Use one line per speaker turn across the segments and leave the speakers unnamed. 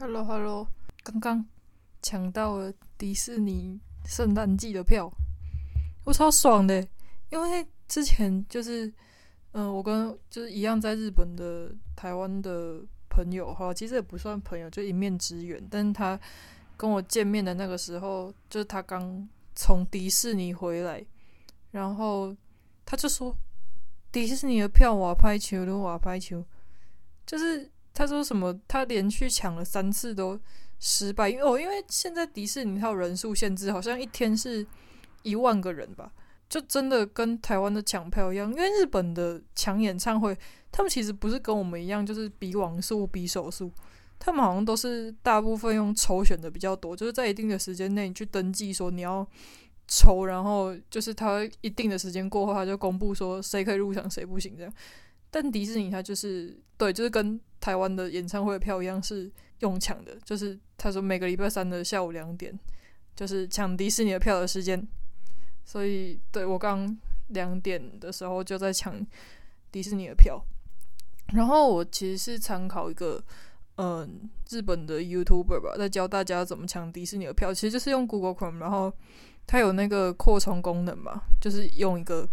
Hello，Hello，hello. 剛剛搶到了迪士尼聖誕季的票，我超爽的。因為之前就是，嗯、呃，我跟就是一樣在日本的台灣的朋友哈，其實也不算朋友，就一面之緣。但是他跟我見面的那個時候，就是他剛從迪士尼回來，然後他就說迪士尼的票我拍球，我拍球，就是。他說什麼？他連續搶了三次都失敗，因為哦，因為現在，迪士尼它有人數限制，好像一天是一萬個人吧。就真的跟台灣的搶票一樣，因為日本的搶演唱會，他們其實不是跟我們一樣，就是比網速比手速，他們好像都是大部分用抽選的比較多，就是在一定的時間內你去登記說你要抽，然後就是他一定的時間過後，他就公布說誰可以入場，誰不行這樣。但迪士尼它就是對，就是跟台灣的演唱會票一樣是用搶的，就是他說每個禮拜三的下午兩點就是搶迪士尼的票的時間，所以對，我剛兩點的時候就在搶迪士尼的票。然後我其實是參考一個嗯、呃、日本的 YouTuber 吧，在教大家怎麼搶迪士尼的票，其實就是用 Google Chrome，然後它有那個擴充功能嘛，就是用一個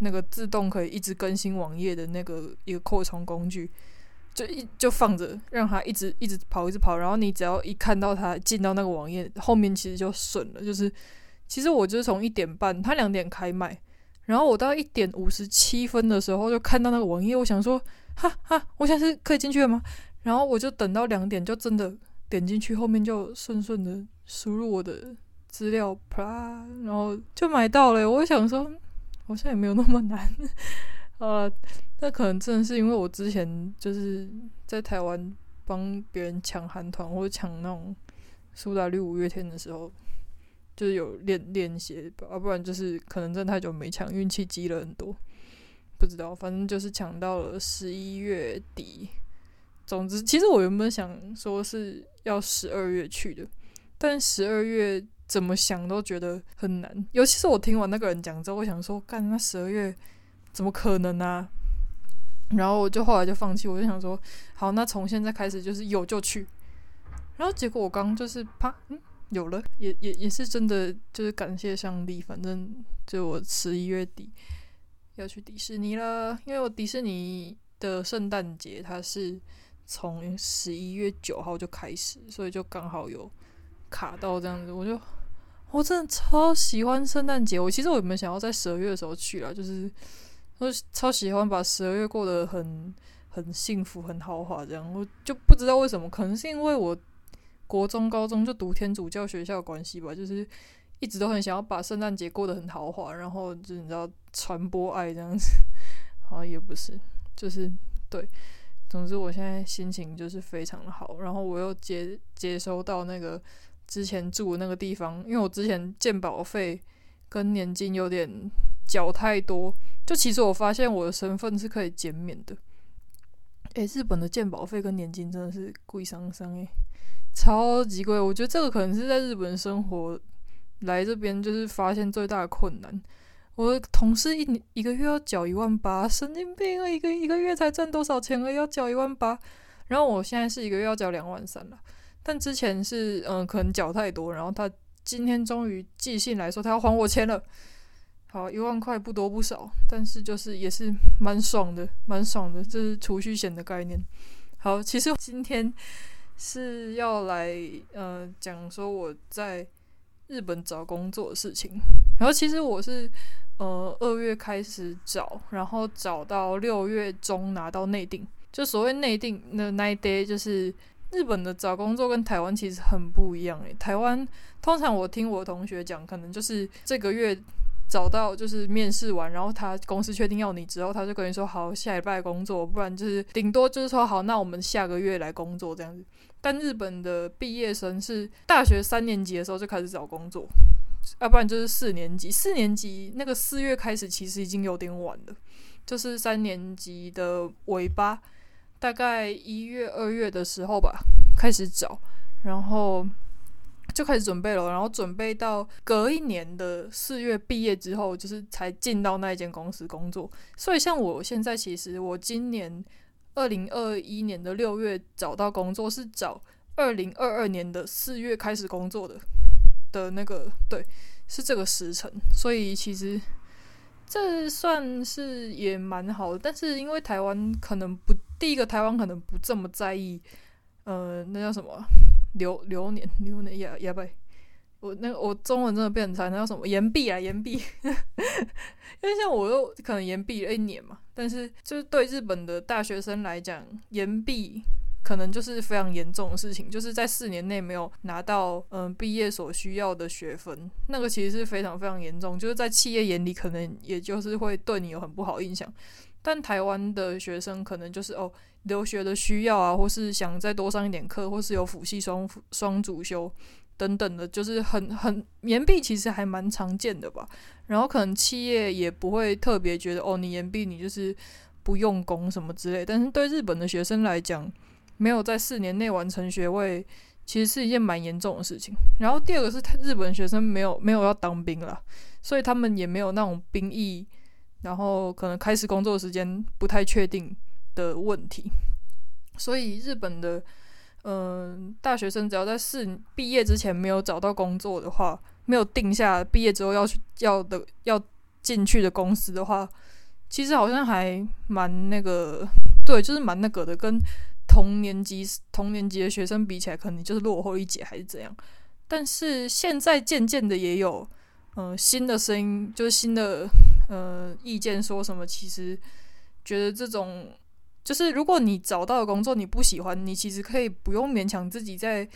那個自動可以一直更新網頁的那個一個擴充工具。就一就放着，讓他一直一直跑，一直跑。然後你只要一看到他進到那個網頁後面，其實就順了。就是，其實我就是從一點半，他兩點開賣，然後我到一點五十七分的時候就看到那個網頁，我想說，哈哈，我想是可以進去了嗎？然後我就等到兩點，就真的點進去，後面就順順的輸入我的資料，啪，然後就買到了。我想說，好像也沒有那麼難。啊、呃，那可能真的是因為我之前就是在台灣幫別人搶韓團或者搶那種蘇打綠、五月天的時候，就是有練練習吧，要不然就是可能真的太久沒搶，運氣積了很多，不知道。反正就是搶到了十一月底。總之，其實我原本想說是要十二月去的，但十二月怎麼想都覺得很難。尤其是我聽完那個人講之後，我想說，幹那十二月。怎麼可能呢？然後我就後來就放棄，我就想說，好，那從現在開始就是有就去。然後結果我剛就是啪，嗯，有了，也也也是真的，就是感謝上帝。反正就我十一月底要去迪士尼了，因為我迪士尼的聖誕節它是從十一月九號就開始，所以就剛好有卡到這樣子。我就我真的超喜歡聖誕節，我其實我也沒有想要在十二月的時候去了，就是。超，超喜歡把十二月過得很很幸福，很豪華這樣，我就不知道為什麼，可能是因為我國中、高中就讀天主教學校的關係吧，就是一直都很想要把聖誕節過得很豪華，然後就你知道傳播愛這樣子，好像、啊、也不是，就是對，總之我現在心情就是非常的好，然後我又接接收到那個之前住的那個地方，因為我之前健保費跟年金有點。繳太多，就其實我發現我的身份是可以減免的。誒、欸，日本的健保費跟年金真的是貴桑桑誒，超級貴。我覺得這個可能是在日本生活來這邊就是發現最大的困難。我的同事一一個月要繳一萬八，神經病啊！一個一個月才賺多少錢啊，要繳一萬八？然後我現在是一個月要繳兩萬三了，但之前是嗯，可能繳太多。然後他今天終於寄信來說，他要還我錢了。好，一萬塊不多不少，但是就是也是蠻爽的，蠻爽的。這是儲蓄險的概念。好，其實今天是要來呃講說我在日本找工作的事情。然後其實我是呃二月開始找，然後找到六月中拿到內定。就所謂內定的、呃、那 day 就是日本的找工作跟台灣其實很不一樣誒、欸。台灣通常我聽我同學講，可能就是這個月。找到就是面試完，然後他公司確定要你之後，他就跟你說好，下禮拜工作，不然就是頂多就是說好，那我們下個月來工作這樣子。但日本的畢業生是大學三年級的時候就開始找工作，要、啊、不然就是四年級，四年級那個四月開始其實已經有點晚了，就是三年級的尾巴，大概一月二月的時候吧開始找，然後。就開始準備了，然後準備到隔一年的四月畢業之後，就是才進到那一間公司工作。所以像我現在，其實我今年二零二一年的六月找到工作，是找二零二二年的四月開始工作的的那個，對，是這個時程。所以其實這算是也蠻好的，但是因為台灣可能不第一個，台灣可能不這麼在意，呃，那叫什麼？留留年、留年也也不，我那我中文真的變很差，那叫什麼延畢啊？延畢？ 因為像我又可能延畢了一年嘛，但是就是對日本的大學生來講，延畢可能就是非常嚴重的事情，就是在四年內沒有拿到嗯畢業所需要的學分，那個其實是非常非常嚴重，就是在企業眼裡可能也就是會對你有很不好印象，但台灣的學生可能就是哦。留學的需要啊，或是想再多上一點課，或是有輔系雙雙主修等等的，就是很很延畢，其實還蠻常見的吧。然後可能企業也不會特別覺得哦，你延畢你就是不用功什麼之類。但是對日本的學生來講，沒有在四年內完成學位，其實是一件蠻嚴重的事情。然後第二個是日本學生沒有沒有要當兵了，所以他們也沒有那種兵役，然後可能開始工作的時間不太確定的問題，所以日本的嗯、呃，大學生只要在四畢業之前沒有找到工作的話，沒有定下畢業之後要去要的要進去的公司的話，其實好像還蠻那個，對，就是蠻那個的。跟同年級同年級的學生比起來，可能就是落後一截還是怎樣。但是現在漸漸的也有嗯、呃、新的聲音，就是新的嗯、呃、意見，說什麼其實覺得這種。就是如果你找到的工作你不喜歡，你其實可以不用勉強自己在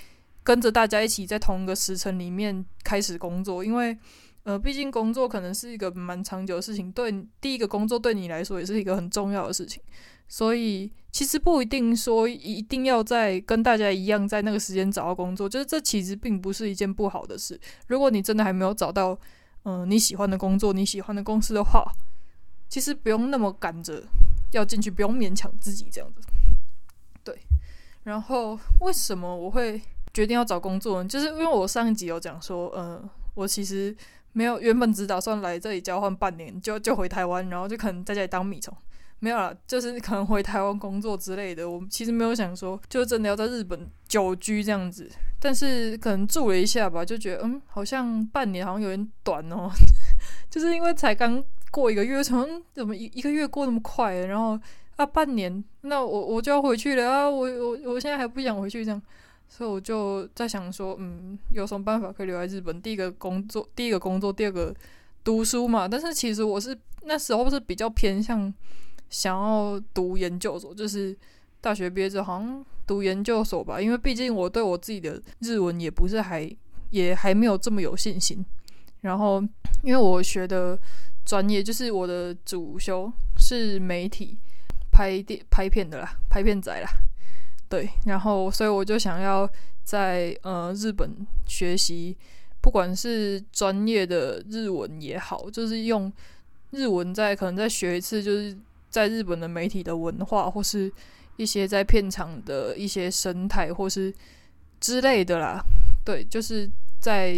跟着大家一起在同一個時辰裡面開始工作，因為呃，畢竟工作可能是一個蠻長久的事情，對，第一個工作對你來說也是一個很重要的事情，所以其實不一定說一定要在跟大家一樣在那個時間找到工作，就是這其實並不是一件不好的事。如果你真的還沒有找到嗯、呃、你喜歡的工作、你喜歡的公司的話，其實不用那麼趕着。要進去，不用勉強自己這樣子，對。然後為什麼我會決定要找工作呢？就是因為我上一集有講說，呃，我其實沒有原本只打算來這裡交換半年，就就回台灣，然後就可能在家裡當米蟲，沒有啦，就是可能回台灣工作之類的。我其實沒有想說，就真的要在日本久居這樣子，但是可能住了一下吧，就覺得嗯，好像半年好像有點短哦， 就是因為才剛。過一個月，從怎麼一一個月過那麼快？然後啊，半年，那我我就要回去了啊！我我我現在還不想回去，這樣，所以我就在想說，嗯，有什麼辦法可以留在日本？第一個工作，第一個工作，第二個讀書嘛。但是其實我是那時候是比較偏向想要讀研究所，就是大學畢業之後好像讀研究所吧，因為畢竟我對我自己的日文也不是還也還沒有這麼有信心。然後，因為我學的專業就是我的主修是媒體拍電拍片的啦，拍片仔啦。對，然後所以我就想要在呃日本學習，不管是專業的日文也好，就是用日文再可能再學一次，就是在日本的媒體的文化或是一些在片場的一些生態或是之類的啦。對，就是在。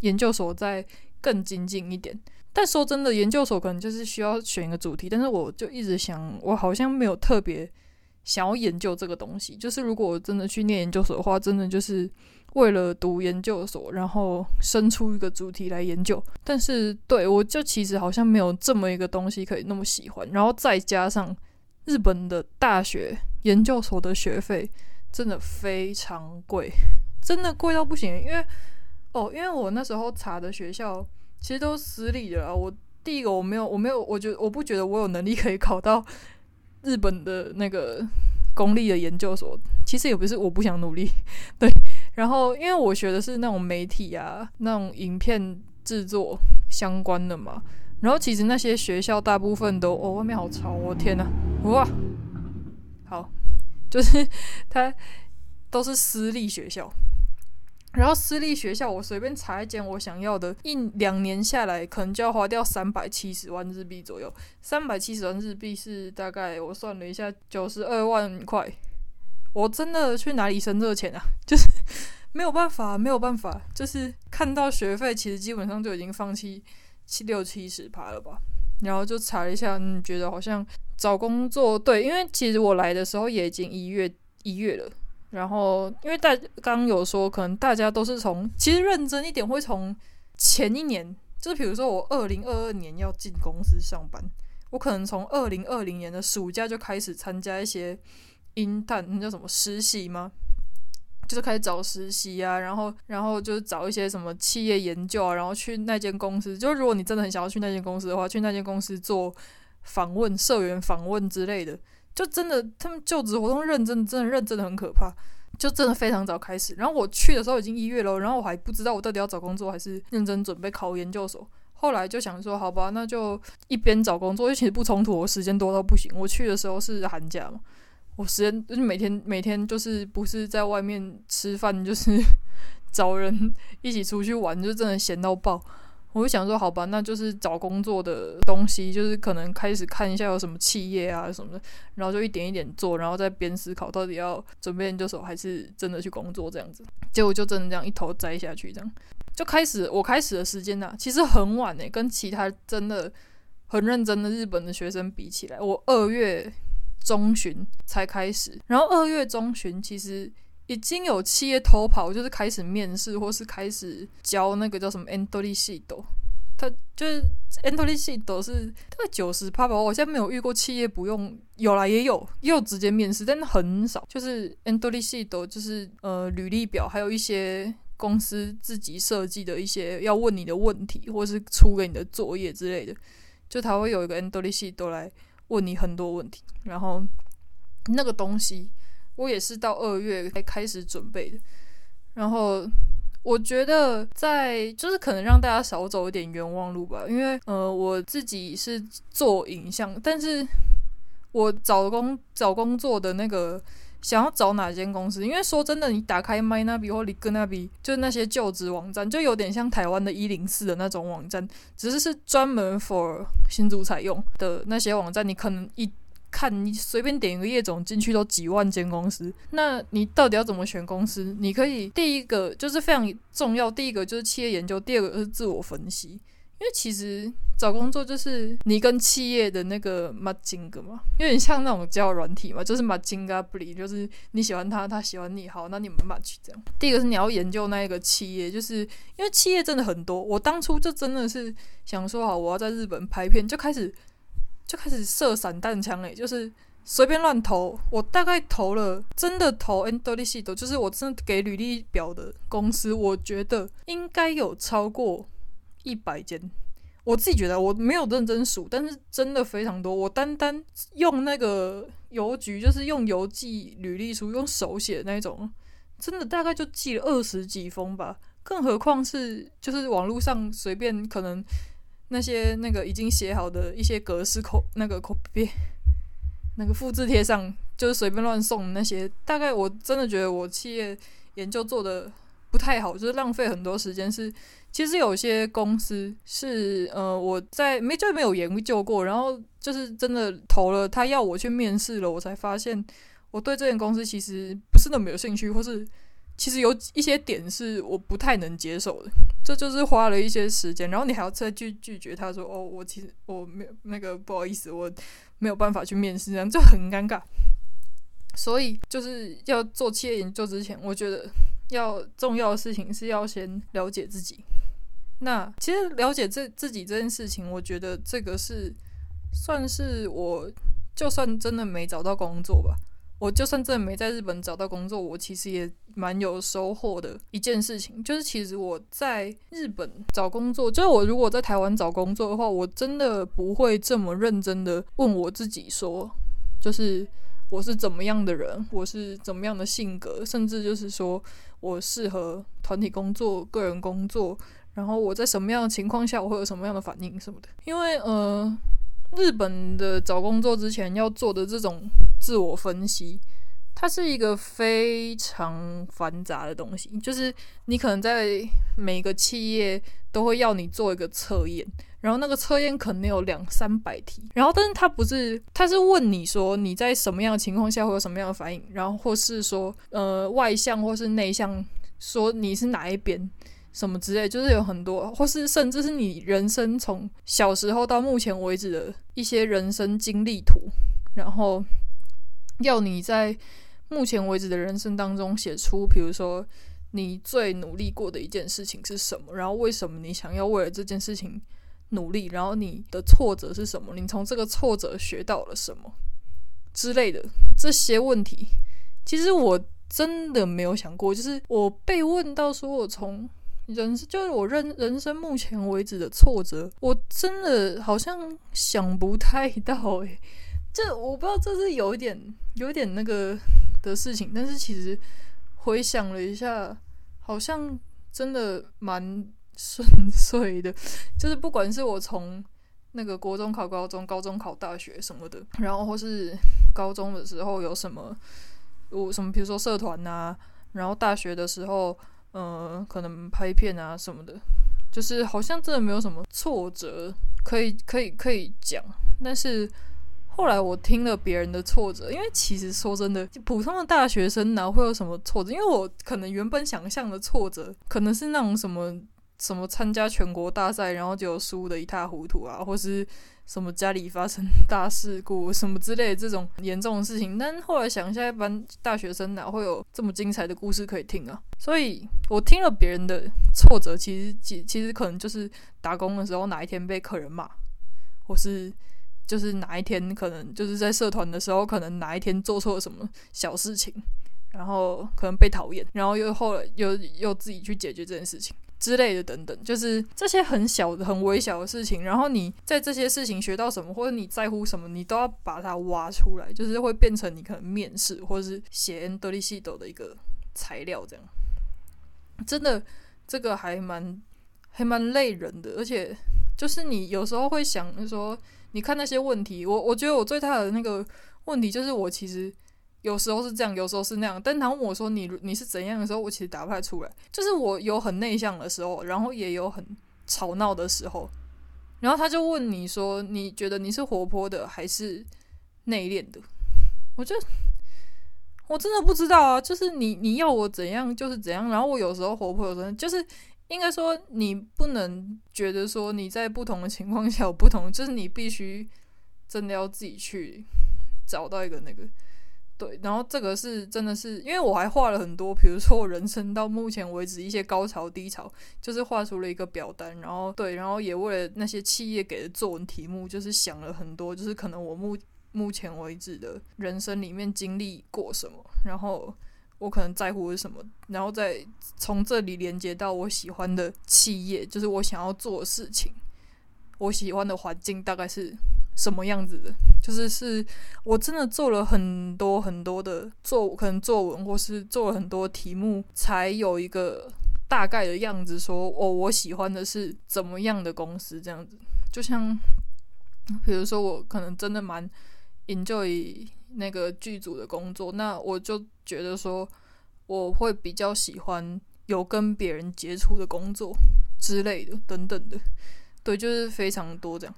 研究所再更精進一點，但說真的，研究所可能就是需要選一個主題，但是我就一直想，我好像沒有特別想要研究這個東西。就是如果我真的去念研究所的話，真的就是為了讀研究所，然後生出一個主題來研究。但是對我就其實好像沒有這麼一個東西可以那麼喜歡，然後再加上日本的大學研究所的學費真的非常貴，真的貴到不行，因為。哦，因為我那時候查的學校其實都是私立的啦。我第一個我沒有我沒有，我覺得我不覺得我有能力可以考到日本的那個公立的研究所。其實也不是我不想努力，對。然後因為我學的是那種媒體啊，那種影片製作相關的嘛。然後其實那些學校大部分都哦，外面好吵哦，天吶，啊，哇！好，就是它都是私立學校。然後私立學校，我隨便查一間我想要的，一兩年下來可能就要花掉三百七十萬日幣左右。三百七十萬日幣是大概，我算了一下，九十二萬塊。我真的去哪裡生這個錢啊？就是沒有辦法，沒有辦法。就是看到學費，其實基本上就已經放棄七六七十趴了吧。然後就查了一下，覺得好像找工作，對，因為其實我來的時候也已經一月一月了。然後，因為大剛剛有說，可能大家都是從其實認真一點，會從前一年，就是比如說我二零二二年要進公司上班，我可能從二零二零年的暑假就開始參加一些 intern，那叫什麼實習嗎？就是開始找實習啊，然後，然後就是找一些什麼企業研究啊，然後去那間公司。就如果你真的很想要去那間公司的話，去那間公司做訪問、社員訪問之類的。就真的，他們就職活動認真，真的認真得很可怕。就真的非常早開始。然後我去的時候已經一月了，然後我還不知道我到底要找工作還是認真準備考研究所。後來就想說，好吧，那就一邊找工作，又其實不衝突，我時間多到不行。我去的時候是寒假嘛，我時間就是每天每天就是不是在外面吃飯，就是找人一起出去玩，就真的閒到爆。我就想說，好吧，那就是找工作的東西，就是可能開始看一下有什麼企業啊什麼的，然後就一點一點做，然後再邊思考到底要準備研究所還是真的去工作這樣子。結果就真的這樣一頭栽下去，這樣就開始。我開始的時間呢、啊，其實很晚誒，跟其他真的很認真的日本的學生比起來，我二月中旬才開始，然後二月中旬其實。已經有企業偷跑，就是開始面試或是開始教那個叫什麼 “endolysis” 他就是 “endolysis” 都是大概九十趴吧。我現在沒有遇過企業不用，有了也有，也有直接面試，但的很少。就是 “endolysis” 就是呃履歷表，還有一些公司自己設計的一些要問你的問題，或是出給你的作業之類的，就他會有一個 “endolysis” 來問你很多問題，然後那個東西。我也是到二月才開始準備的，然後我覺得在就是可能讓大家少走一點冤枉路吧，因為呃我自己是做影像，但是我找工找工作的那個想要找哪間公司，因為說真的，你打開マイナビ或リクナビ，就是那些就職網站，就有點像台灣的一零四的那種網站，只是是專門 for 新卒採用的那些網站，你可能一。看你隨便點一個業種進去都幾萬間公司，那你到底要怎麼選公司？你可以第一個就是非常重要，第一個就是企業研究，第二個是自我分析。因為其實找工作就是你跟企業的那個 match 嘛，有點像那種交友軟體嘛，就是 match 不離，就是你喜歡他，他喜歡你，好，那你們 match 這樣。第一個是你要研究那一個企業，就是因為企業真的很多，我當初就真的是想說好，我要在日本拍片，就開始。就開始射散彈槍欸，就是隨便亂投。我大概投了，真的投。n 獨立系就是我真的給履歷表的公司，我覺得應該有超過一百間。我自己覺得我沒有認真數，但是真的非常多。我單單用那個郵局，就是用郵寄履歷書，用手寫那種，真的大概就寄了二十幾封吧。更何況是就是網絡上隨便可能。那些那個已經寫好的一些格式口那個 copy 那個複製貼上，就是隨便亂送那些。大概我真的覺得我企業研究做得不太好，就是浪費很多時間。是其實有些公司是呃我在沒就沒有研究過，然後就是真的投了，他要我去面試了，我才發現我對這間公司其實不是那麼有興趣，或是。其實有一些點是我不太能接受的，這就是花了一些時間，然後你還要再拒拒絕他說：“哦，我其實我沒有那個不好意思，我沒有辦法去面試，這樣就很尷尬。”所以就是要做企業研究之前，我覺得要重要的事情是要先了解自己。那其實了解這自己這件事情，我覺得這個是算是我就算真的沒找到工作吧。我就算真的沒在日本找到工作，我其實也蠻有收穫的一件事情，就是其實我在日本找工作，就是我如果在台灣找工作的話，我真的不會這麼認真的問我自己說，說就是我是怎麼樣的人，我是怎麼樣的性格，甚至就是說我適合團體工作、個人工作，然後我在什麼樣的情況下我會有什麼樣的反應什麼的，因為呃。日本的找工作之前要做的這種自我分析，它是一個非常繁雜的東西。就是你可能在每個企業都會要你做一個測驗，然後那個測驗可能有兩三百題，然後但是它不是，它是問你說你在什麼樣的情況下會有什麼樣的反應，然後或是說呃外向或是內向，說你是哪一邊。什麼之類，就是有很多，或是甚至是你人生從小時候到目前為止的一些人生經歷圖，然後要你在目前為止的人生當中寫出，比如說你最努力過的一件事情是什麼，然後為什麼你想要為了這件事情努力，然後你的挫折是什麼，你從這個挫折學到了什麼之類的這些問題，其實我真的沒有想過，就是我被問到說我從。人就是我人人，人生目前為止的挫折，我真的好像想不太到哎、欸，這我不知道這是有一點有一點那個的事情，但是其實回想了一下，好像真的蠻順遂的。就是不管是我從那個國中考高中，高中考大學什麼的，然後或是高中的時候有什麼，我什麼比如說社團吶、啊，然後大學的時候。呃、嗯，可能拍片啊什麼的，就是好像真的沒有什麼挫折可以可以可以講。但是後來我聽了別人的挫折，因為其實說真的，普通的大學生哪會有什麼挫折？因為我可能原本想象的挫折，可能是那種什麼什麼參加全國大賽，然後就輸得一塌糊塗啊，或是。什麼家裡發生大事故什麼之類的這種嚴重的事情，但後來想一下，一般大學生哪會有這麼精彩的故事可以聽啊？所以我聽了別人的挫折，其實其其實可能就是打工的時候哪一天被客人罵，或是就是哪一天可能就是在社團的時候，可能哪一天做錯了什麼小事情，然後可能被討厭，然後又後來又又自己去解決這件事情。之類的，等等，就是這些很小的、很微小的事情。然後你在這些事情學到什麼，或者你在乎什麼，你都要把它挖出來，就是會變成你可能面試或者是寫 entry sheet 的一個材料這樣。真的，這個還蠻還蠻累人的，而且就是你有時候會想說，你看那些問題，我我覺得我最大的那個問題就是我其實。有時候是這樣，有時候是那樣。但當我說你你是怎樣的時候，我其實答不太出來。就是我有很內向的時候，然後也有很吵鬧的時候。然後他就問你說你覺得你是活潑的還是內斂的？我就我真的不知道啊。就是你你要我怎樣就是怎樣。然後我有時候活潑，有時候就是應該說你不能覺得說你在不同的情況下有不同，就是你必須真的要自己去找到一個那個。對，然後這個是真的是，因為我還畫了很多，比如說我人生到目前為止一些高潮、低潮，就是畫出了一個表單。然後對，然後也為了那些企業給的作文題目，就是想了很多，就是可能我目目前為止的人生裡面經歷過什麼，然後我可能在乎是什麼，然後再從這裡連接到我喜歡的企業，就是我想要做的事情，我喜歡的環境大概是。什麼樣子的？就是是我真的做了很多很多的作，可能作文或是做了很多題目，才有一個大概的樣子說，說哦，我喜歡的是怎麼樣的公司這樣子。就像比如說，我可能真的蠻 enjoy 那個劇組的工作，那我就覺得說，我會比較喜歡有跟別人接觸的工作之類的等等的。對，就是非常多這樣。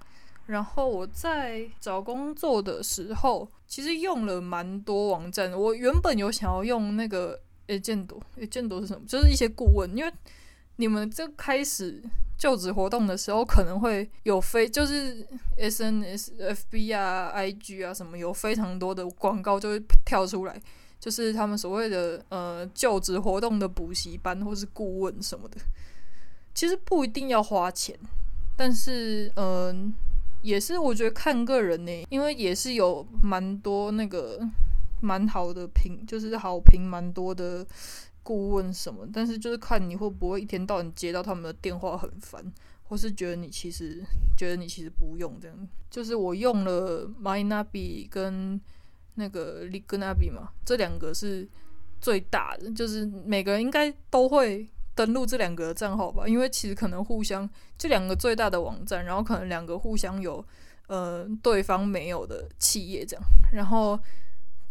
然後我在找工作的時候，其實用了蠻多網站。我原本有想要用那個 “agent”，“agent” 是什麼？就是一些顧問，因為你們這開始就職活動的時候，可能會有非就是 SNS、FB 啊、IG 啊什麼，有非常多的廣告就會跳出來，就是他們所謂的呃就職活動的補習班或是顧問什麼的。其實不一定要花錢，但是嗯。呃也是，我覺得看個人呢、欸，因為也是有蠻多那個蠻好的評，就是好評蠻多的顧問什麼，但是就是看你會不會一天到晚接到他們的電話很煩，或是覺得你其實覺得你其實不用這樣。就是我用了マイナビ跟那個リクナビ嘛，這兩個是最大的，就是每個人應該都會。登錄這兩個賬號吧，因為其實可能互相這兩個最大的網站，然後可能兩個互相有呃對方沒有的企業這樣。然後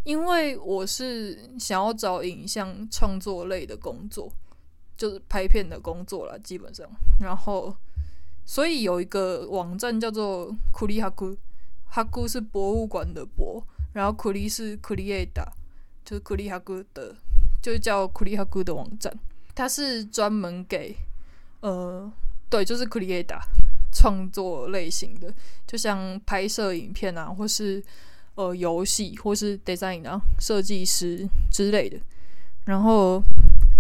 因為我是想要找影像創作類的工作，就是拍片的工作啦，基本上。然後所以有一個網站叫做クリ博，哈庫是博物館的博，然後クリ是 creator，就是クリ博的，就叫クリ博的網站。它是專門給，呃，對，就是 Creator 創作類型的，就像拍攝影片啊，或是呃遊戲，或是 Design 啊設計師之類的。然後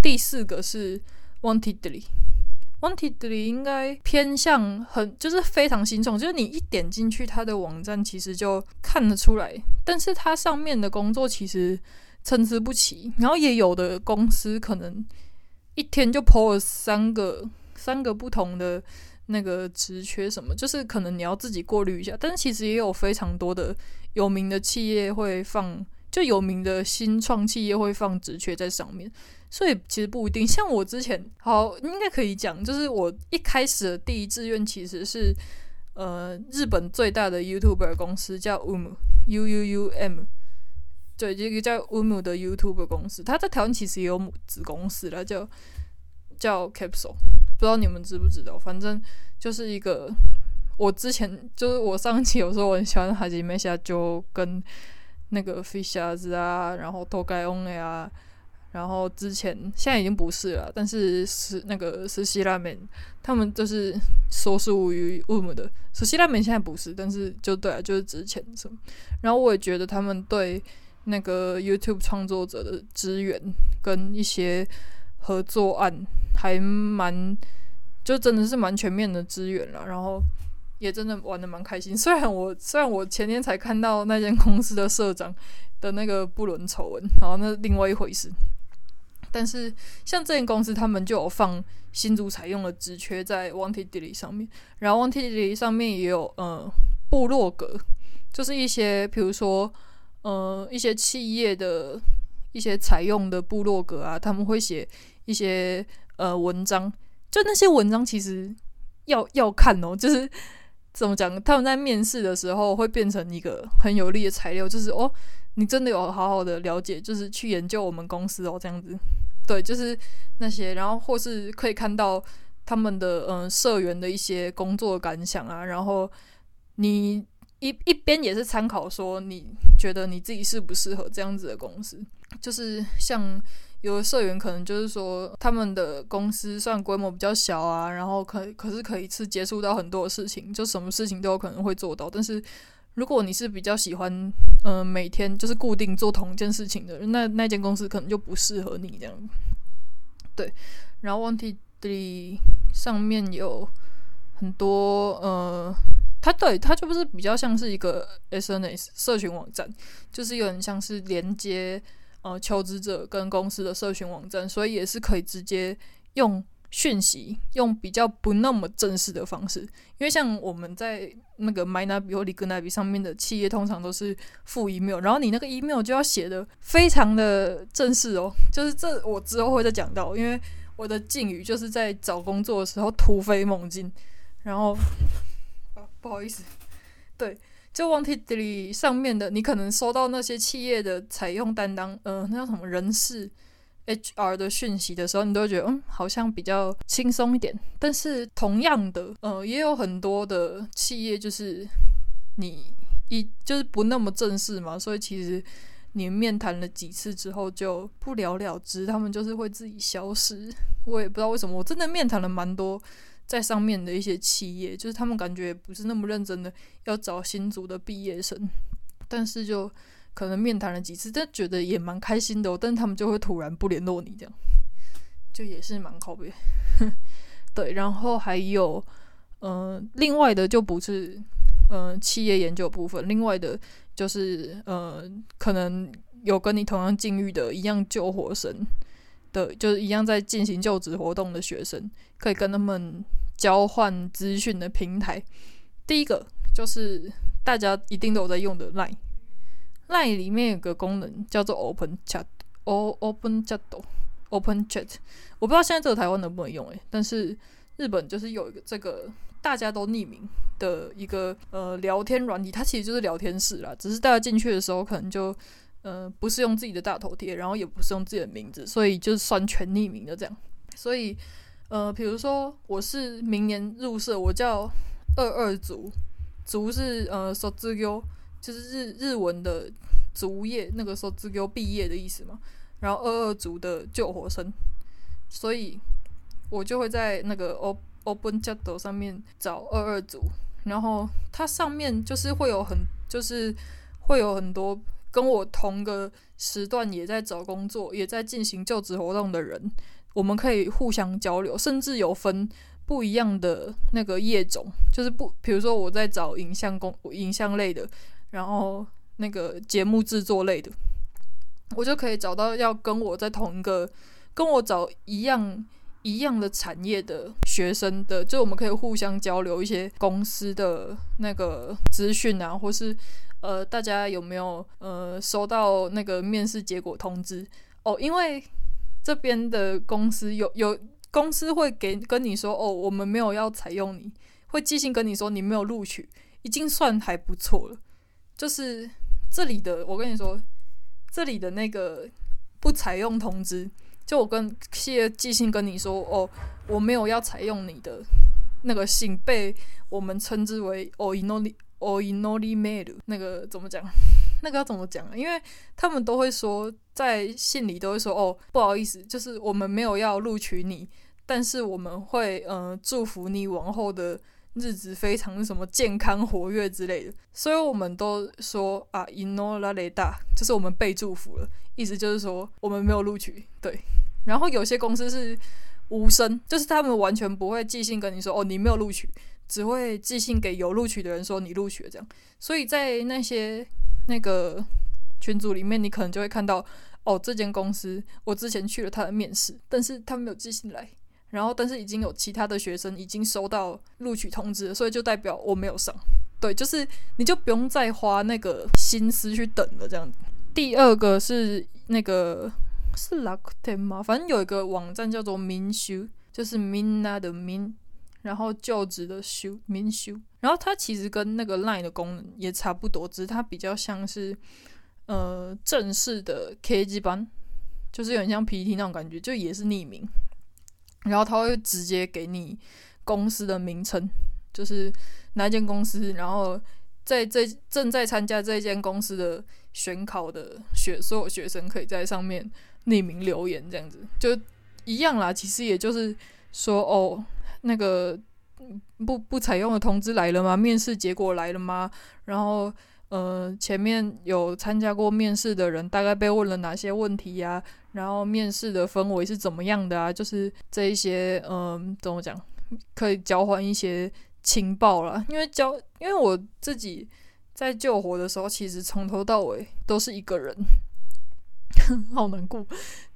第四個是 Wantedly，Wantedly 應該偏向很就是非常新創，就是你一點進去它的網站，其實就看得出來，但是它上面的工作其實參差不齊，然後也有的公司可能。一天就 po 了三個三個不同的那個職缺，什麼就是可能你要自己過濾一下。但是其實也有非常多的有名的企業會放，就有名的新創企業會放職缺在上面，所以其實不一定。像我之前，好應該可以講，就是我一開始的第一志願其實是呃日本最大的 YouTuber 公司叫 UUUM U U U M。對，這個叫 UUUM 的 YouTube 公司，它在台灣其實也有母子公司啦，它叫叫 Capsule，不知道你們知不知道。反正就是一個我之前就是我上期有時候我很喜歡 Hajime 社長，就跟那個 Fischer's 啊，然後東海 OnAir 啊，然後之前現在已經不是了，但是是那個是 Sushi Ramen，他們就是所屬於 UUUM 的。Sushi Ramen 現在不是，但是就對啊，就是之前是，然後我也覺得他們對。那個 YouTube 創作者的資源跟一些合作案還蠻就真的是蠻全面的資源了，然後也真的玩得蠻開心。雖然我雖然我前天才看到那間公司的社長的那個不倫醜聞，然後那另外一回事。但是像這間公司，他們就有放新卒採用的職缺在 Wantedly 上面，然後 Wantedly 上面也有呃、嗯、部落格，就是一些比如說。呃，一些企業的一些採用的部落格啊，他們會寫一些呃文章，就那些文章其實要要看哦，就是怎麼講，他們在面試的時候會變成一個很有力的材料，就是哦，你真的有好好的了解，就是去研究我們公司哦，這樣子，對，就是那些，然後或是可以看到他們的嗯、呃、社員的一些工作的感想啊，然後你。一一邊也是參考，說你覺得你自己適不適合這樣子的公司？就是像有的社員可能就是說，他們的公司雖然規模比較小啊，然後可可是可以一次接觸到很多事情，就什麼事情都有可能會做到。但是如果你是比較喜歡，嗯、呃，每天就是固定做同一件事情的，那那間公司可能就不適合你這樣。對，然後 Wantedly 上面有很多呃。它對它就不是比較像是一個 SNS 社群網站，就是有點像是連接呃求職者跟公司的社群網站，所以也是可以直接用訊息，用比較不那麼正式的方式。因為像我們在那個 Mynavi 或 Rikunabi 上面的企業，通常都是附 email，然後你那個 email 就要寫的非常的正式哦。就是這我之後會再講到，因為我的敬語，就是在找工作的時候突飛猛進，然後。不好意思，對，就 Wantedly 上面的，你可能收到那些企業的採用擔當，呃，那叫什麼人事 HR 的訊息的時候，你都會覺得嗯，好像比較輕鬆一點。但是同樣的，呃，也有很多的企業就是你一就是不那麼正式嘛，所以其實你面談了幾次之後就不了了之，他們就是會自己消失。我也不知道為什麼，我真的面談了蠻多。在上面的一些企業，就是他們感覺不是那麼認真的要找新卒的畢業生，但是就可能面談了幾次，但覺得也蠻開心的、哦。但他們就會突然不聯絡你，這樣就也是蠻靠北。 對，然後還有，嗯、呃，另外的就不是，嗯、呃，企業研究部分，另外的就是，嗯、呃，可能有跟你同樣境遇的，一樣就活生的，就是一樣在進行就職活動的學生，可以跟他們。交換資訊的平台，第一個就是大家一定都有在用的 Line，Line Line 裡面有一個功能叫做 Open Chat，O Open Chat，Open Chat，, Open Chat 我不知道現在這個台灣能不能用誒、欸，但是日本就是有一個這個大家都匿名的一個呃聊天軟體，它其實就是聊天室啦，只是大家進去的時候可能就呃不是用自己的大頭貼，然後也不是用自己的名字，所以就是算全匿名的這樣，所以，呃，比如說我是明年入社，我叫二二卒，卒是呃 sotsugyou 就是日日文的卒業，那個 sotsugyou 畢業的意思嘛。然後二二卒的就活生，所以我就會在那個 op, open job 上面找二二卒，然後它上面就是會有很，就是會有很多跟我同個時段也在找工作，也在進行就職活動的人。我們可以互相交流，甚至有分不一樣的那個業種，就是不，比如說我在找影像工、影像類的，然後那個節目製作類的，我就可以找到要跟我在同一個、跟我找一樣一樣的產業的學生的，就我們可以互相交流一些公司的那個資訊啊，或是呃，大家有沒有呃收到那個面試結果通知哦？因為。這邊的公司有，有公司會給跟你說哦，我們沒有要採用你，會寄信跟你說你沒有錄取，已經算還不錯了。就是這裡的，我跟你說，這裡的那個不採用通知，就我跟謝寄信跟你說哦，我沒有要採用你的那個信，被我們稱之為哦お祈り、お祈りメール那個怎麼講？ 那個要怎麼講？因為他們都會說。在信裡都會說哦，不好意思，就是我們沒有要錄取你，但是我們會嗯、呃、祝福你往後的日子非常什麼健康、活躍之類的。所以我們都說啊，inolaleda，就是我們被祝福了，意思就是說我們沒有錄取。對，然後有些公司是無聲，就是他們完全不會寄信跟你說哦，你沒有錄取，只會寄信給有錄取的人說你錄取了。這樣。所以在那些那個群組裡面，你可能就會看到。哦，這間公司我之前去了他的面試，但是他沒有寄信來，然後但是已經有其他的學生已經收到錄取通知了，所以就代表我沒有上。對，就是你就不用再花那個心思去等了這樣子。第二個是那個是樂天嗎？反正有一個網站叫做 Minshu，就是 Minna 的 Min，然後就職的 Shu Minshu，然後它其實跟那個 Line 的功能也差不多，只是它比較像是。呃，正式的 K G 班，就是有點像 PTT 那種感覺，就也是匿名，然後他會直接給你公司的名稱，就是哪一間公司，然後在這正在參加這一間公司的選考的學所有學生，可以在上面匿名留言，這樣子就一樣啦。其實也就是說，哦，那個不不採用的通知來了嗎？面試結果來了嗎？然後。呃，前面有參加過面試的人，大概被問了哪些問題呀、啊？然後面試的氛圍是怎麼樣的啊？就是這一些，嗯、呃，怎麼講，可以交換一些情報啦。因為就，因為我自己在就活的時候，其實從頭到尾都是一個人， 好難過。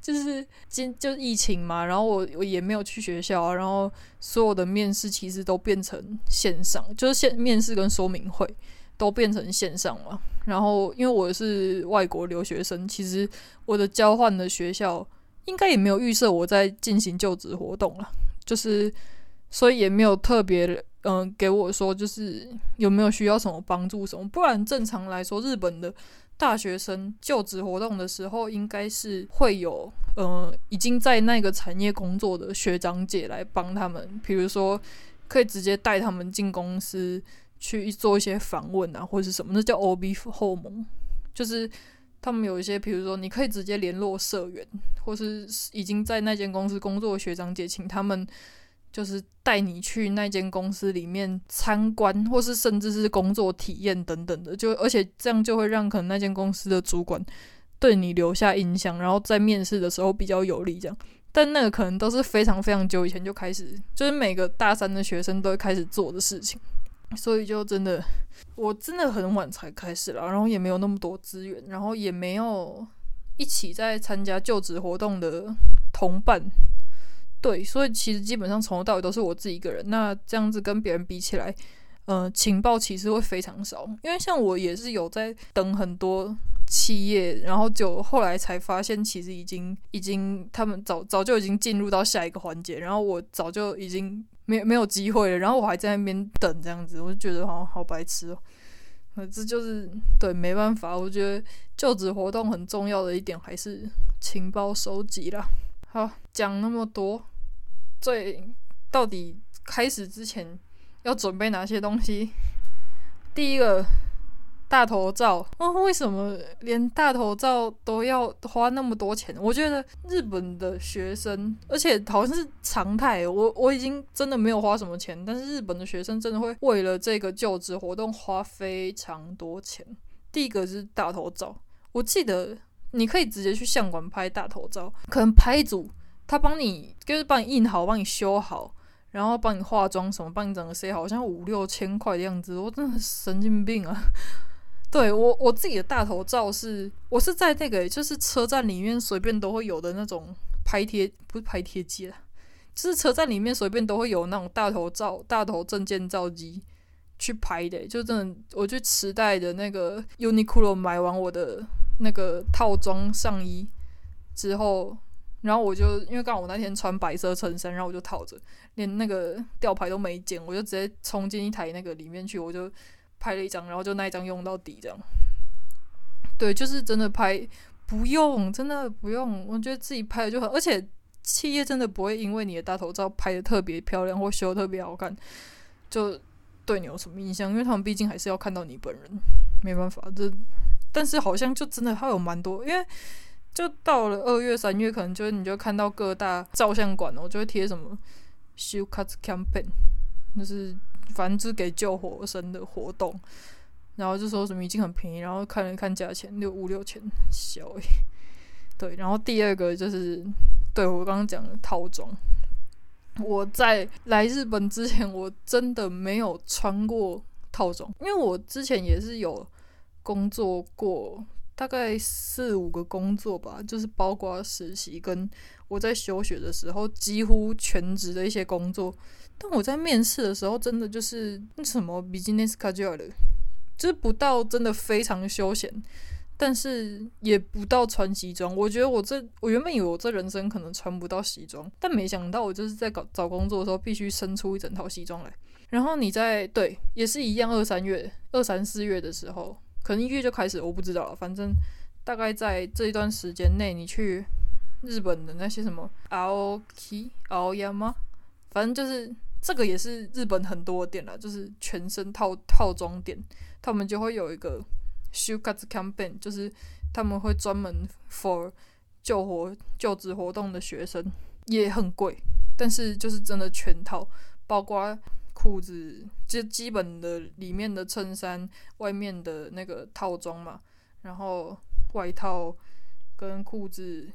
就是今就是疫情嘛，然後我我也沒有去學校、啊，然後所有的面試其實都變成線上，就是線面試跟說明會。都變成線上了，然後因為我是外國留學生，其實我的交換的學校應該也沒有預設我在進行就職活動了，就是所以也沒有特別嗯、呃、給我說就是有沒有需要什麼幫助什麼，不然正常來說日本的大學生就職活動的時候應該是會有嗯、呃、已經在那個產業工作的學長姐來幫他們，比如說可以直接帶他們進公司。去做一些訪問啊，或者是什麼，那叫 OB 訪問，就是他們有一些，比如說你可以直接聯絡社員，或是已經在那間公司工作的學長姐，請他們就是帶你去那間公司裡面參觀，或是甚至是工作體驗等等的，就而且這樣就會讓可能那間公司的主管對你留下印象，然後在面試的時候比較有利。這樣，但那個可能都是非常非常久以前就開始，就是每個大三的學生都會開始做的事情。所以就真的，我真的很晚才開始了，然後也沒有那麼多資源，然後也沒有一起在參加就職活動的同伴，對，所以其實基本上從頭到尾都是我自己一個人。那這樣子跟別人比起來，呃，情報其實會非常少。因為像我也是有在等很多企業，然後就後來才發現，其實已經已經他們早早就已經進入到下一個環節，然後我早就已經。沒沒有機會了，然後我還在那邊等這樣子，我就覺得好好白痴哦、喔。反正就是對，沒辦法，我覺得就職活動很重要的一點還是情報收集啦。好，講那麼多，最到底開始之前要準備哪些東西？第一個。大頭照，那、哦、為什麼連大頭照都要花那麼多錢？我覺得日本的學生，而且好像是常態。我我已經真的沒有花什麼錢，但是日本的學生真的會為了這個就職活動花非常多錢。第一個是大頭照，我記得你可以直接去相館拍大頭照，可能拍一組，他幫你就是幫你印好，幫你修好，然後幫你化妝什麼，幫你整個 C 好，好像五六千塊的樣子。我真的神經病啊！對，我我自己的大頭照是我是在那個就是車站裡面隨便都會有的那種拍貼，不是拍貼機啦，就是車站裡面隨便都會有那種大頭照、大頭證件照機去拍的，就真的我去池袋的那個 Uniqlo 買完我的那個套裝上衣之後，然後我就因為剛好我那天穿白色襯衫，然後我就套着連那個吊牌都沒剪，我就直接衝進一台那個裡面去，我就。拍了一張，然後就那一張用到底，這樣。對，就是真的拍，不用，真的不用。我覺得自己拍的就很，而且企業真的不會因為你的大頭照拍的特別漂亮或修的特別好看，就對你有什麼印象，因為他們畢竟還是要看到你本人。沒辦法，這，但是好像就真的還有蠻多，因為就到了二月三月，可能就是你就看到各大照相館哦、喔，就會貼什麼修卡子 campaign 那是。反正就是給就活生的活動，然後就說什麼已經很便宜，然後看了看價錢六五六千小哎，對，然後第二個就是對我剛剛講的套裝，我在來日本之前我真的沒有穿過套裝，因為我之前也是有工作過。大概四五個工作吧，就是包括實習跟我在休學的時候，幾乎全職的一些工作。但我在面試的時候，真的就是那什麼 business casual，就是不到真的非常休閒，但是也不到穿西裝。我覺得我這，我原本以為我這人生可能穿不到西裝，但沒想到我就是在搞找工作的時候，必須生出一整套西裝來。然後你在對，也是一樣，二三月、二三四月的時候。可能一月就開始，我不知道了，反正大概在這一段時間內，你去日本的那些什麼 Aoki、Aoyama 嗎？反正就是這個也是日本很多的店了，就是全身套套裝店，他們就會有一個 Shukatsu Campaign，就是他們會專門 for 救活就職活動的學生，也很貴，但是就是真的全套，包括。褲子就基本的裡面的襯衫，外面的那個套裝嘛，然後外套跟褲子、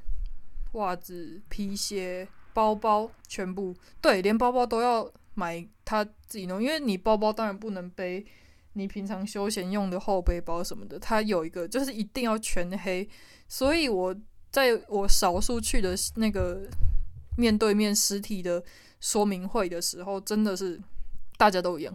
襪子、皮鞋、包包全部對，連包包都要買它自己弄，因為你包包當然不能背你平常休閒用的後背包什麼的。它有一個就是一定要全黑，所以我在我少數去的那個面對面實體的說明會的時候，真的是。大家都一樣，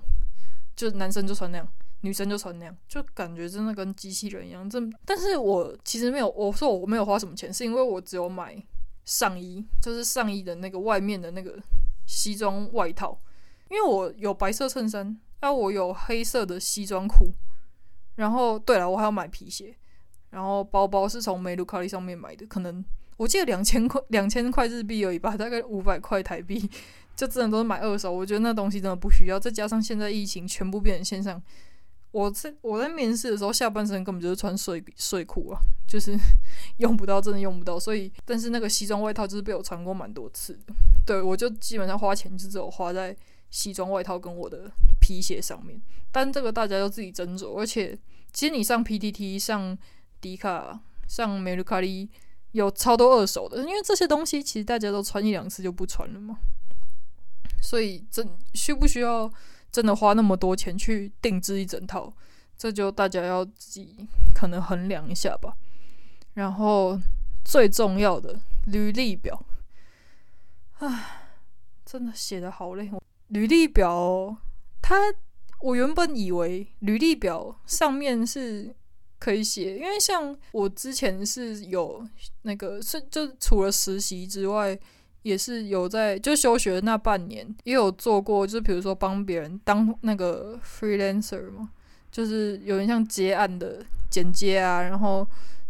就男生就穿那樣，女生就穿那樣，就感覺真的跟機器人一樣。這，但是我其實沒有，我說我沒有花什麼錢，是因為我只有買上衣，就是上衣的那個外面的那個西裝外套，因為我有白色襯衫，然後我有黑色的西裝褲，然後對了，我還要買皮鞋，然後包包是從梅魯卡利上面買的，可能我記得兩千塊，兩千塊日幣而已吧，大概五百塊台幣。就真的都是買二手，我覺得那東西真的不需要。再加上現在疫情，全部變成線上。我在我在面試的時候，下半身根本就是穿睡睡褲啊，就是用不到，真的用不到。所以，但是那個西裝外套就是被我穿過蠻多次的。對，我就基本上花錢就只有花在西裝外套跟我的皮鞋上面。但這個大家都自己斟酌。而且，其實你上 PTT、上迪卡、上 Mercari 有超多二手的，因為這些東西其實大家都穿一兩次就不穿了嘛。所以，真需不需要真的花那麼多錢去定制一整套？這就大家要自己可能衡量一下吧。然後最重要的，履歷表，唉，真的寫的好累。履歷表，它我原本以為履歷表上面是可以寫，因為像我之前是有那個是，就除了實習之外。也是有在，就休學的那半年也有做過，就是比如說幫別人當那個 freelancer 嘛，就是有點像接案的剪接啊，然後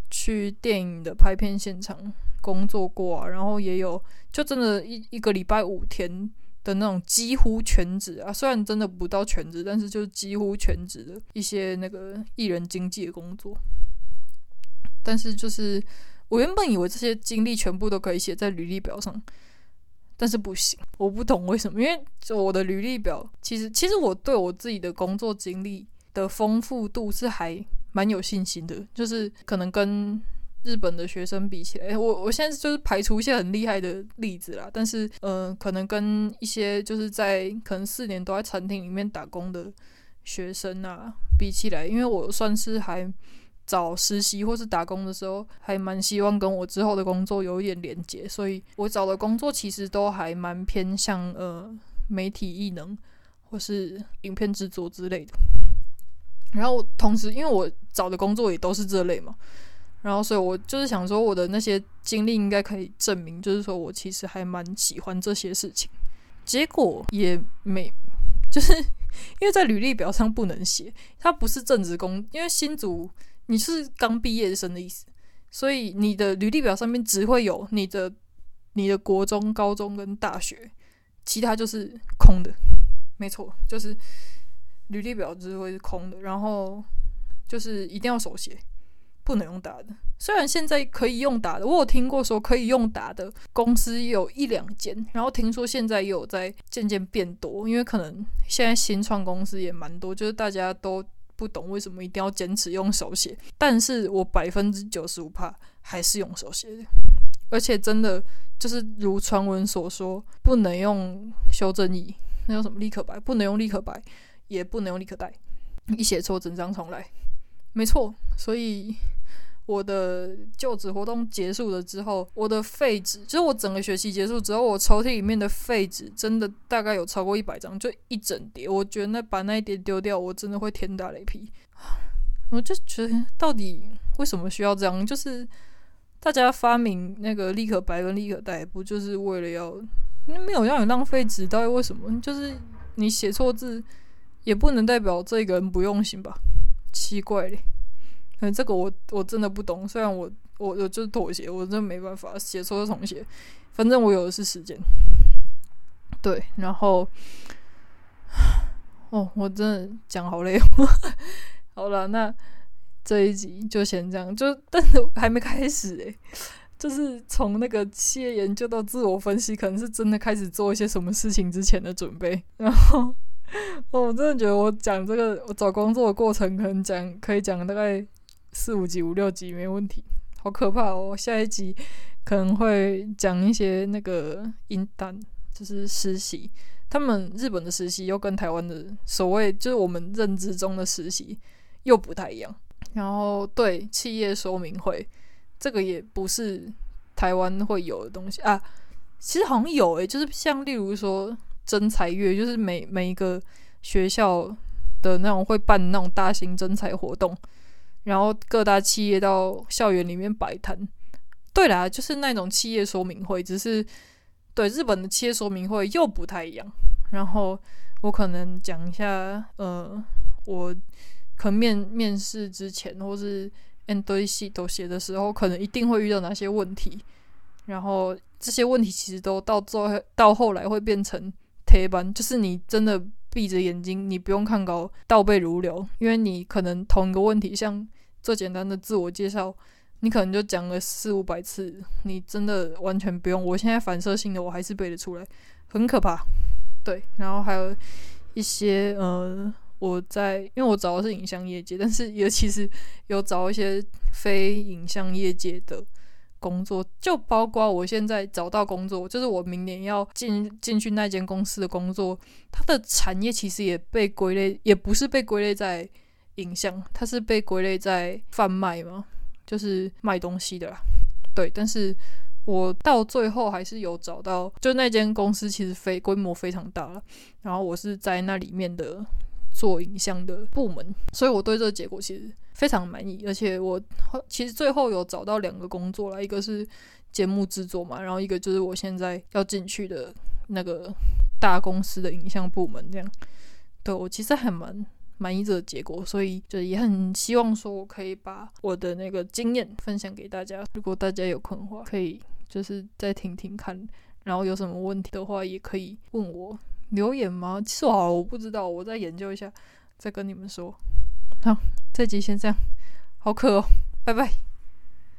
去電影的拍片現場工作過啊，然後也有就真的一一個禮拜五天的那種幾乎全職啊，雖然真的不到全職，但是就是幾乎全職的一些那個藝人經紀的工作，但是就是。我原本以為這些經歷全部都可以寫在履歷表上，但是不行，我不懂為什麼。因為就我的履歷表，其實其實我對我自己的工作經歷的豐富度是還蠻有信心的。就是可能跟日本的學生比起來，我我現在就是排除一些很厲害的例子啦。但是，嗯、呃，可能跟一些就是在可能四年都在餐廳裡面打工的學生啊比起來，因為我算是還。找實習或是打工的時候，還蠻希望跟我之後的工作有一點連接。所以我找的工作其實都還蠻偏向呃媒體、藝能或是影片製作之類的。然後同時，因為我找的工作也都是這類嘛，然後所以我就是想說，我的那些經歷應該可以證明，就是說我其實還蠻喜歡這些事情。結果也沒，就是因為在履歷表上不能寫，它不是正職工，因為新卒。你是剛畢業生的意思，所以你的履歷表上面只會有你的、你的國中、高中跟大學，其他就是空的。沒錯，就是履歷表只會是空的。然後就是一定要手寫，不能用打的。雖然現在可以用打的，我有聽過說可以用打的公司有一兩間，然後聽說現在也有在漸漸變多，因為可能現在新創公司也蠻多，就是大家都。不懂為什麼一定要堅持用手寫，但是我百分之九十五趴還是用手寫的，而且真的就是如傳聞所說，不能用修正液，那叫什麼立可白，不能用立可白，也不能用立可帶。一寫錯整張重來，沒錯，所以。我的就職活動結束了之後，我的廢紙，就是我整個學期結束之後，我抽屜裡面的廢紙真的大概有超過一百張，就一整疊。我覺得那把那一疊丟掉，我真的會天打雷劈。我就覺得，到底為什麼需要這樣？就是大家發明那個立可白跟立可帶，不就是為了要沒有讓你浪費紙？到底為什麼？就是你寫錯字，也不能代表這個人不用心吧？奇怪嘞。這個我我真的不懂，雖然我我我就是妥協，我真的沒辦法寫錯就重寫，反正我有的是時間。對，然後哦，我真的講好累哦。 好了，那這一集就先這樣，就但是還沒開始誒、欸，就是從那個企業研究到自我分析，可能是真的開始做一些什麼事情之前的準備。然後哦，我真的覺得我講這個我找工作的過程，可能講可以講大概。四五集、五六集沒問題，好可怕哦！下一集可能會講一些那個應單，就是實習。他們日本的實習又跟台灣的所謂就是我們認知中的實習又不太一樣。然後對企業說明會，這個也不是台灣會有的東西啊。其實好像有誒，就是像例如說徵才月，就是每每一個學校的那種會辦那種大型徵才活動。然後各大企業到校園裡面擺攤，對啦，就是那種企業說明會，只是對日本的企業說明會又不太一樣。然後我可能講一下，呃，我可能面面試之前或是 entry sheet 都寫的時候，可能一定會遇到哪些問題。然後這些問題其實都到最後到後來會變成定番，就是你真的。閉着眼睛，你不用看稿，倒背如流，因為你可能同一個問題，像最簡單的自我介紹，你可能就講了四五百次，你真的完全不用。我現在反射性的我還是背得出來，很可怕。對，然後還有一些呃，我在，因為我找的是影像業界，但是尤其是有找一些非影像業界的工作就包括我現在找到工作，就是我明年要進進去那間公司的工作，它的產業其實也被歸類，也不是被歸類在影像，它是被歸類在販賣嘛，就是賣東西的啦。對，但是我到最後還是有找到，就那間公司其實非規模非常大，然後我是在那裡面的做影像的部門，所以我對這個結果其實，非常滿意，而且我其實最後有找到兩個工作了，一個是節目制作嘛，然後一個就是我現在要進去的那個大公司的影像部門，這樣對，我其實還蠻滿意這個結果，所以就也很希望說我可以把我的那個經驗分享給大家，如果大家有困惑，可以就是再聽聽看，然後有什麼問題的話也可以問我留言嗎？其實我好，我不知道，我再研究一下，再跟你們說。好，這集先這樣，好渴哦、喔，拜拜。